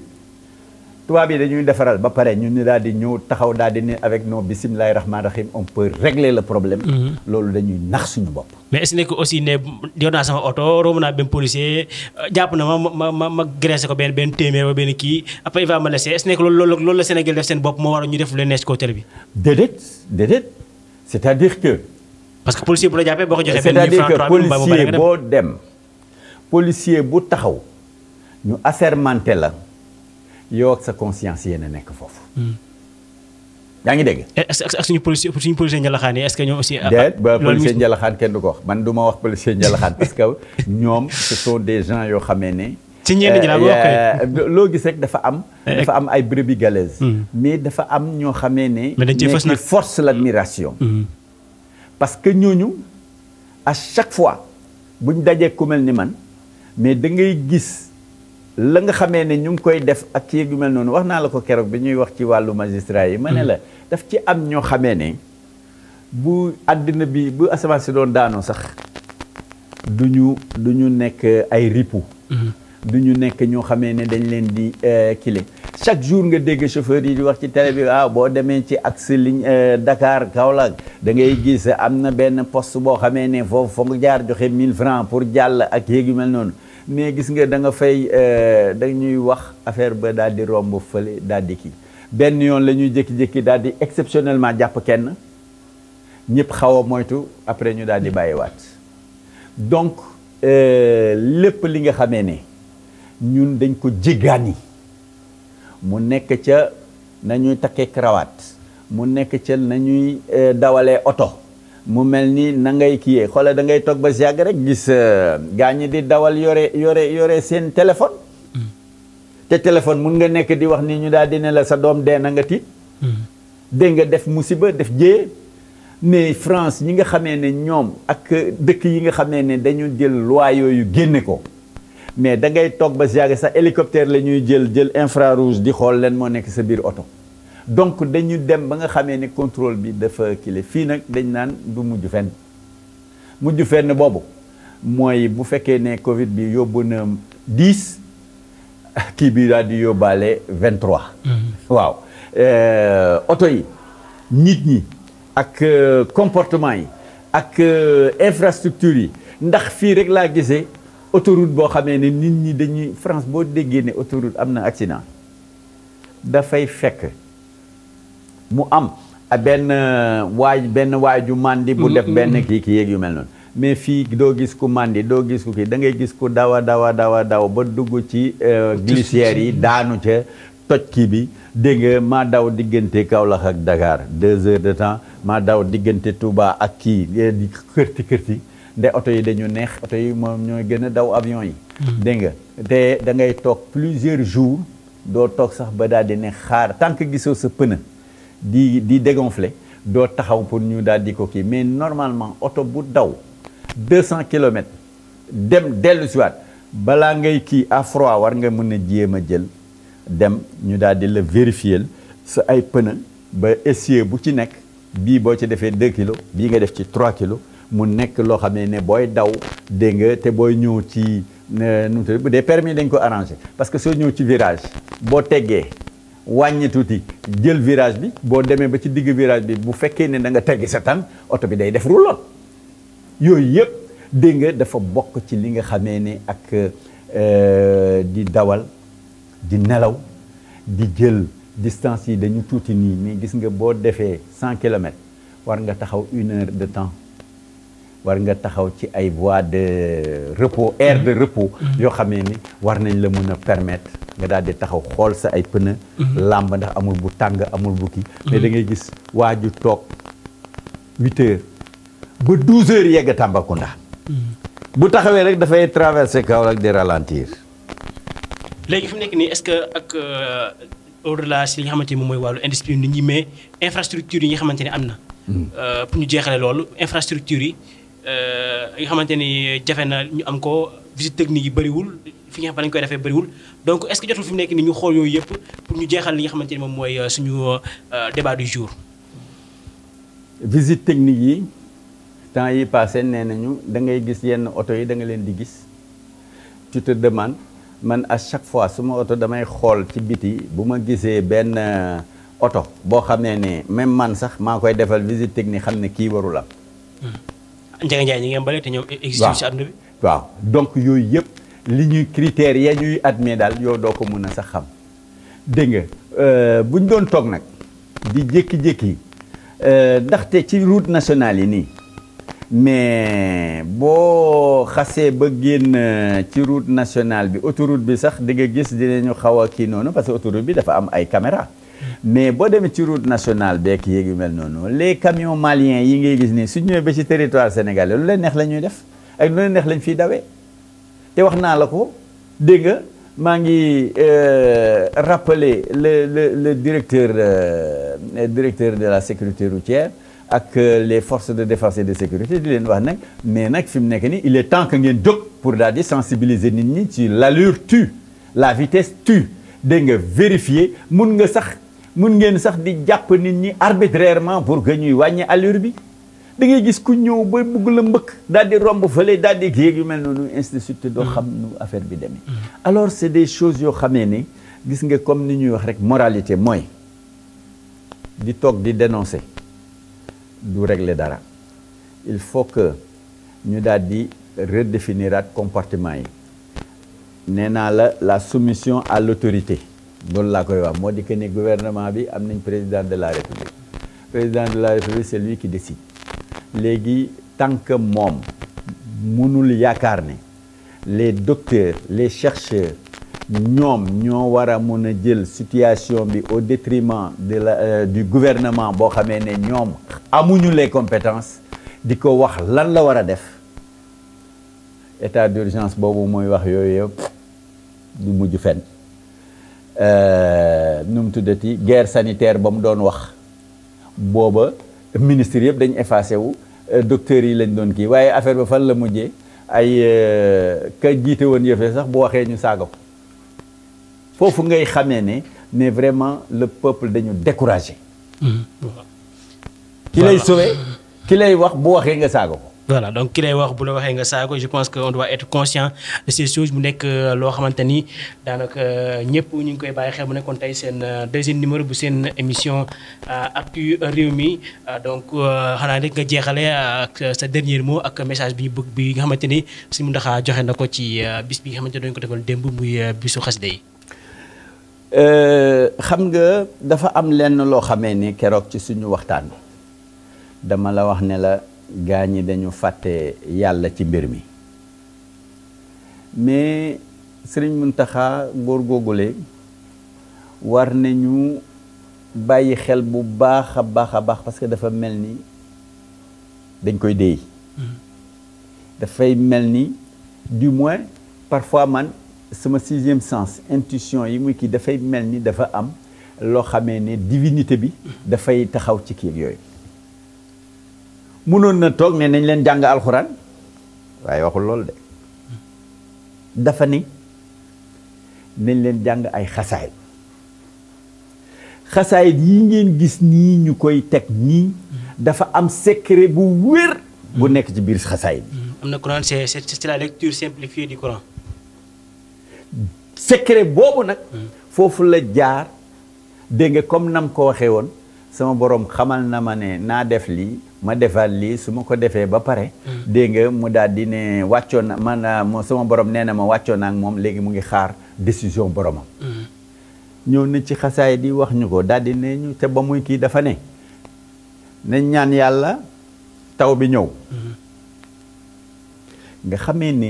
tubaab yi dañuy defaral ba pare ñun ñu daal di ñëw taxaw daal di ne avec nos bisimilahi rahmaani rahim on peut régler le problème. Mm-hmm. loolu dañuy nax suñu bopp. mais est aussi ne yor naa sama oto romb naa benn policier jàpp na ma ma ma ma graissé ko benn benn téeméer ba benn kii après il va me laisser est ce que loolu loolu la Sénégal def seen bopp moo waral ñu def lu nees ci côté bi. déedéet déedéet c' à dire que. parce que policier bu la jàppee boo ko joxee. benn mille francs trois mille ba mu baax policier policier bu taxaw ñu assermenté la. yow ak sa conscience yéen nekk foofu. yaa ngi dégg. ak eh, suñu policier suñu policier njalaxaan yi est-ce que ñoom aussi. Ah, déet ba ah, policier njalaxaan kenn wax man du ma wax que ñoom ce sont des gens yoo xamee ne. ci ñenn ñi daal euh, euh, loo gis rek dafa am. Eh, eh. dafa am ay brebis galeuses. Hmm. mais dafa am ñoo xamee ne. mais dañ ciy force l'admiration. Hmm. Hmm. parce que ñooñu à fois buñ gis. la nga xamee ne ñu ngi koy def ak ci yu mel noonu wax naa la ko keroog bi ñuy wax ci wàllu magistrat yi ma ne mm-hmm. la daf ci am ñoo xamee ne bu àddina bi bu asamaan si doon daanoo sax duñu ñu ñu nekk ay ripu mm-hmm. du ñu nekk ñoo xamee ne dañ leen di euh, kile chaque jour nga dégg chauffeur yi di wax ci télé bi waaw ah, boo demee ci ak ligne euh, Dakar Kaolack da ngay gis am na benn post boo xamee ne foofu foog jaar joxe 1000 francs pour jàll ak yéeg yu mel noonu mais gis nga da nga fay euh, dañuy wax affaire ba daal di romb fële daal di kii benn yoon la ñuy jékki-jékki daal di exceptionnellement jàpp kenn ñëpp xaw a moytu après ñu daal di bàyyiwaat donc euh, lépp li nga xamee ne ñun dañ ko yi mu nekk ca nañuy takkee karawaat mu nekk ca nañuy euh, dawalee oto mu mel ni na ngay kiyee xoola dangay toog ba si yàgg rek gis euh, gaa ñi di dawal yore yore yore seen téléphone mm. te téléphone mun nga nekk di wax ni ñu daal di ne la sa doom dee na nga tiit mm. dégg nga def musiba def jéye ne France ñi nga xamee ne ñoom ak dëkk yi nga xamee ne dañu jël loi yooyu génne ko mais da ngay toog ba si sa hélicoptère la ñuy jël jël infrarouge di xool leen moo nekk sa biir oto donc dañu dem ba nga xamee ni contrôle bi dafa kile fii nag dañ naan du mujj fenn mujj fenn boobu mooy bu fekkee ne Covid bi yóbbu na dix kii bi daal di yóbbaale vingt trois. Mhm. waaw euh, oto yi nit ñi ak euh, comportement yi ak euh, infrastructure yi ndax fii rek laa gisee autoroute boo xamee ne nit ñi dañuy France boo déggee ne autoroute am na accident dafay fekk. mu am eh, benn eh, waay benn waay ju màndi bu mm-hmm. def benn kii ki yéeg yu mel noonu mais fii doo gis ku màndi doo gis ku kii da ngay gis ku dawa dawa dawa daw ba dugg ci eh, glissière yi daanu ca toj kii bi dégg ma daw diggante Kaolack ak Dakar deux heures de temps ma daw diggante Touba ak kii di kërti kërti nde oto yi dañu neex oto yi moom ñooy gën a daw avion yi mm-hmm. dégg nga te da ngay toog plusieurs jours doo toog sax ba daal di neex xaar tant que gisoo sa pneu di di dégonfler doo taxaw pour ñu daal di ko kii mais normalement oto bu daw 200 kilomètres dem dellu si balaa ngay kii à froid war nga mën na jéem a jël dem ñu daal di la vérifier sa ay pneu ba essieu bu ci nekk bii boo ci defee 2 kilos bii nga def ci 3 kilos mu nekk loo xam ne ne booy daw dégg nga te booy ñëw ci euh, nu mu bu dee permis dañ ko arrangé parce que soo ñëw ci virage boo teggee wàññi tuuti jël virage bi boo demee ba ci digg virage bi bu fekkee ne da nga teggi sa tànk oto bi day def roulotte yooyu yëpp dégg nga dafa bokk ci li nga xamee ni ak euh, di dawal di nelaw di jël distance yi dañu tuuti nii mais gis nga boo defee cent kilomètres war nga taxaw une heure de temps war nga taxaw ci ay voies de repos aire de repos mm-hmm. yoo xamee ni war nañ la mën a permettre nga daal di taxaw xool sa ay pneu mhm. làmb ndax amul bu tàng amul bu kii mais da mhm. ngay gis waa ju toog huit heures ba douze heures yegg Tambacounda mhm. bu taxawee rek dafay traverser Kaolack di ralentir léegi fi mu nekk nii est-ce que ak euh, au delà si li nga xamante ni moom mooy wàllu indiscipline nit ñi mais infrastructure yi nga xamante ne am na euh, pour ñu jeexale loolu infrastructure yi Euh, yi nga xamante ni jafe na ñu am ko visite technique yi bëriwul fi nga xam ne dañ koy defee bëriwul donc est-ce que jotul fi mu nekk ni ñu xool yooyu yëpp pour ñu jeexal li nga xamante ni moom mooy euh, suñu euh, débat du jour. visite technique yi temps yi passé nee nañu da ngay gis yenn oto yi da nga leen di gis tu te man a chaque fois suma ma oto damay xool ci biti bu ma gisee benn oto boo xamee ne même man sax maa koy defal visite technique xam ne kii warul am. Hmm. Ndiaga Ndiaye ñi ngeen bëri te ñoom. E-, existé ci àdduna bi waaw donc yooyu yëpp li ñuy critère ya ñuy at admet daal yow doo ko mën a sax xam dégg nga euh, buñ doon toog nag di jékki-jékki euh, ndaxte ci route nationale yi nii mais boo xasee ba génn euh, ci route nationale bi autoroute bi sax di nga gis dinañu xaw a kii noonu parce que autoroute bi dafa am ay caméra mais boo demee ci route nationale beek yéeg yu mel noonu les camions malien yi ngay gis nii su ñëwee ba ci territoire sénégalais lu leen neex la ñuy def ak lu leen neex lañ fiy dawee te wax naa la ko dégg nga maa ngi euh, rappeler le le le directeur euh, directeur de la sécurité routière ak euh, les force de défense et de sécurité di leen wax nag mais nag fi nekk nii il est temps que ngeen jóg pour daal di sensibiliser nit ñi ci lalure tu la vitesse tu dégg nga vérifier mun nga sax mun ngeen sax di jàpp nit ñi arbitrairement pour que ñuy wàññi allure bi da ngay gis ku ñëw ba bugg la mbëkk daal di romb fële daal di géeg yu mel noonu institut te doo xam nu affaire bi demee mm-hmm. alors c'est des choses yoo xamee ni gis nga comme ni ñuy wax rek moralité mooy di toog di dénoncer du régler dara il faut que ñu daal di redéfiniraat comportement yi nee naa la la soumission à l'autorité loolu laa koy wax moo di que ni gouvernement bi am nañ président de la république président de la république c'est lui qui décide léegi tant moom mënul yaakaar ni les docteurs les chercheurs ñoom ñoo war a mën a jël situation bi au détriment de la euh, du gouvernement boo xamee ne ñoom amuñu les compétence di ko wax lan la war a def état d'urgence boobu mooy wax yooyu yëpp du mujj fenn Euh, nu mu tuddati guerre sanitaire ba mu doon wax booba ministre yëpp dañu effacé wu euh, docteurs yi lañ doon kii waaye affaire ba fan la mujjee ay euh, ka jiite woon yëfee sax bu waxee ñu saaga ko foofu ngay xamee ne ne vraiment le peuple dañu découragé mmh. ki lay sauvé ki lay wax bu waxee nga saaga ko voilà donc ki lay wax bu la waxee nga saago je pense que on doit être conscient de ces choses mu nekk euh, loo xamante ni daanaka euh, ñëpp ñu ngi koy bàyyi xel mu nekkoon tey seen euh, deuxième numéro bu seen émission actu réew mi donc xanaa rek nga jeexale sa dernier mot ak message bi bëgg bi nga xamante ni suñu ndaxa joxe na ko ci bis bi nga xamante ne dañu ko defal démb muy bisu xasida yi xam nga dafa am lenn loo xamee ni keroog ci suñu waxtaan dama la wax ne la. gaa ñi dañu fàtte yàlla ci mbir mi mais sëriñ Muntaxa góor googule war nañu bàyyi xel bu baax a baax a baax parce que dafa mel ni dañ koy déy dafay mel ni du moins parfois man sama sixième sens intuition yi muy kii dafay mel ni dafa am loo xamee ne divinité bi dafay taxaw ci kii yooyu mënoon na toog ne nañ leen jàng alxuraan waaye waxul loolu de dafa ni nañ leen jàng ay xasaayit xasaayit yi ngeen gis nii ñu koy teg nii dafa am secret bu wér bu nekk ci biir xasaayit bi mm-hmm. am na Coran c'est c'est la lecture simplifiée du Coran secret boobu nag mm-hmm. foofu la jaar dégg comme nam ko waxee woon sama boroom xamal na ma ne naa def lii ma defaat lii su ma ko defee ba pare mm. dégg nga mu daal di ne wàccoon na man ah, sama borom nee na ma wàccoon ak moom léegi mu ngi xaar décision boromam mm. ñëw na ci xasaay di wax ñu ko daal di ne ñu te ba muy kii dafa ne nañ ñaan yàlla taw bi ñëw mm. nga xamee ni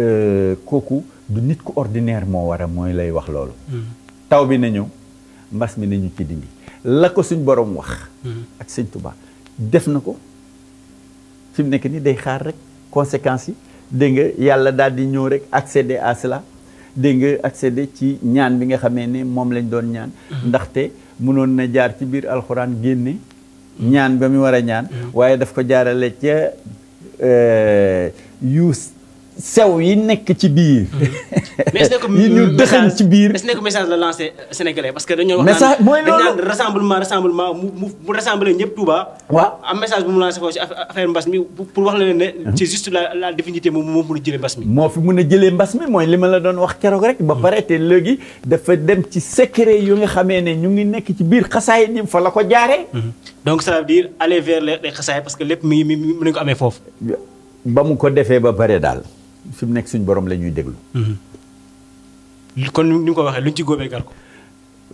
euh, kooku du nit ko ordinaire moo war mooy lay wax loolu taw bi na ñëw mbas mi nañu ci dindi la ko suñ borom wax ak sëñ Tuubaa def na ko fi mu nekk nii day xaar rek conséquences yi dégg nga yàlla daal di ñëw rek accéder à cela dégg nga accéder ci ñaan bi nga xamee ne moom lañ doon ñaan. Mhm. ndaxte mënoon na jaar ci biir alxuraan génne. Mhm. ñaan ba mu war a ñaan. Mhm. waaye daf ko jaarale ca. Euh, use sew yi nekk ci biir. yi ñu dëxañ ci biir mais est-ce que message la lancé euh, sénégalais parce que dañoo. wax naan mooy loolu dañ naan rassemblement mu mu mu ñëpp Touba. waaw am message bu mu lancé foofu mbas mi pour wax la leen ne. c'est juste la la moo mun a jëlee mbas mi. a jëlee mbas mi mooy li ma la doon wax keroog rek. ba pare te léegi dafa dem ci secret yu nga xamee ne ñu ngi nekk ci biir xasaay yi fa la ko jaaree. donc ça veut dire aller vers les xasaay parce que lépp mi ngi mi ngi ko amee foofu. ba mu ko defee ba pare daal. fi mu nekk suñ boroom la ñuy déglu. Mm-hmm. kon ñu ko waxee luñ ci góobee gar ko.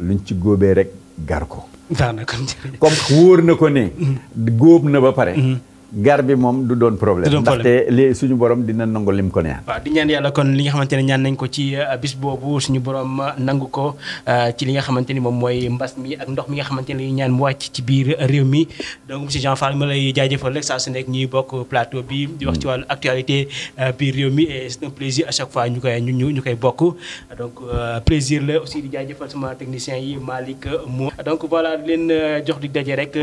luñ ci góobee rek gar ko. daanaka comme wóor na ko ne. Mm-hmm. góob na ba pare. Mm-hmm. gar bi moom du doon problème ndaxte suñu borom dina nangu lim ko neex waaw di ñaan yàlla kon li nga xamante ne ñaan nañ ko ci euh, bis boobu suñu borom euh, nangu ko euh, ci li nga xamante ni moom mooy mbas mi ak ndox mi nga xamante ne ñaan mu wàcc ci biir réew mi donc monsieur Jean Fall ma lay jaajëfal rek saa su nekk ñuy bokk plateau bi di wax ci mm. wàllu actualité biir réew mi et c'est un plaisir à chaque fois ñu koy ñu ñu koy bokk donc plaisir la aussi di jaajëfal sama technicien yi Malick Mo donc voilà leen jox di daje rek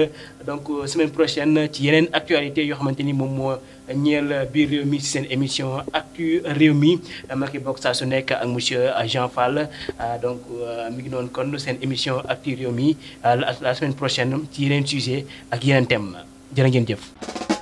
donc semaine prochaine ci yeneen actualité actualité yoo xamante ni moom moo ñeel biir réew mi si seen émission actu réew mi ma ki bokk saa su nekk ak monsieur Jean Fall ah, donc euh, mi ngi doon kon seen émission actu réew mi euh, la semaine prochaine ci yeneen sujet ak yeneen thème jërë ngeen jëf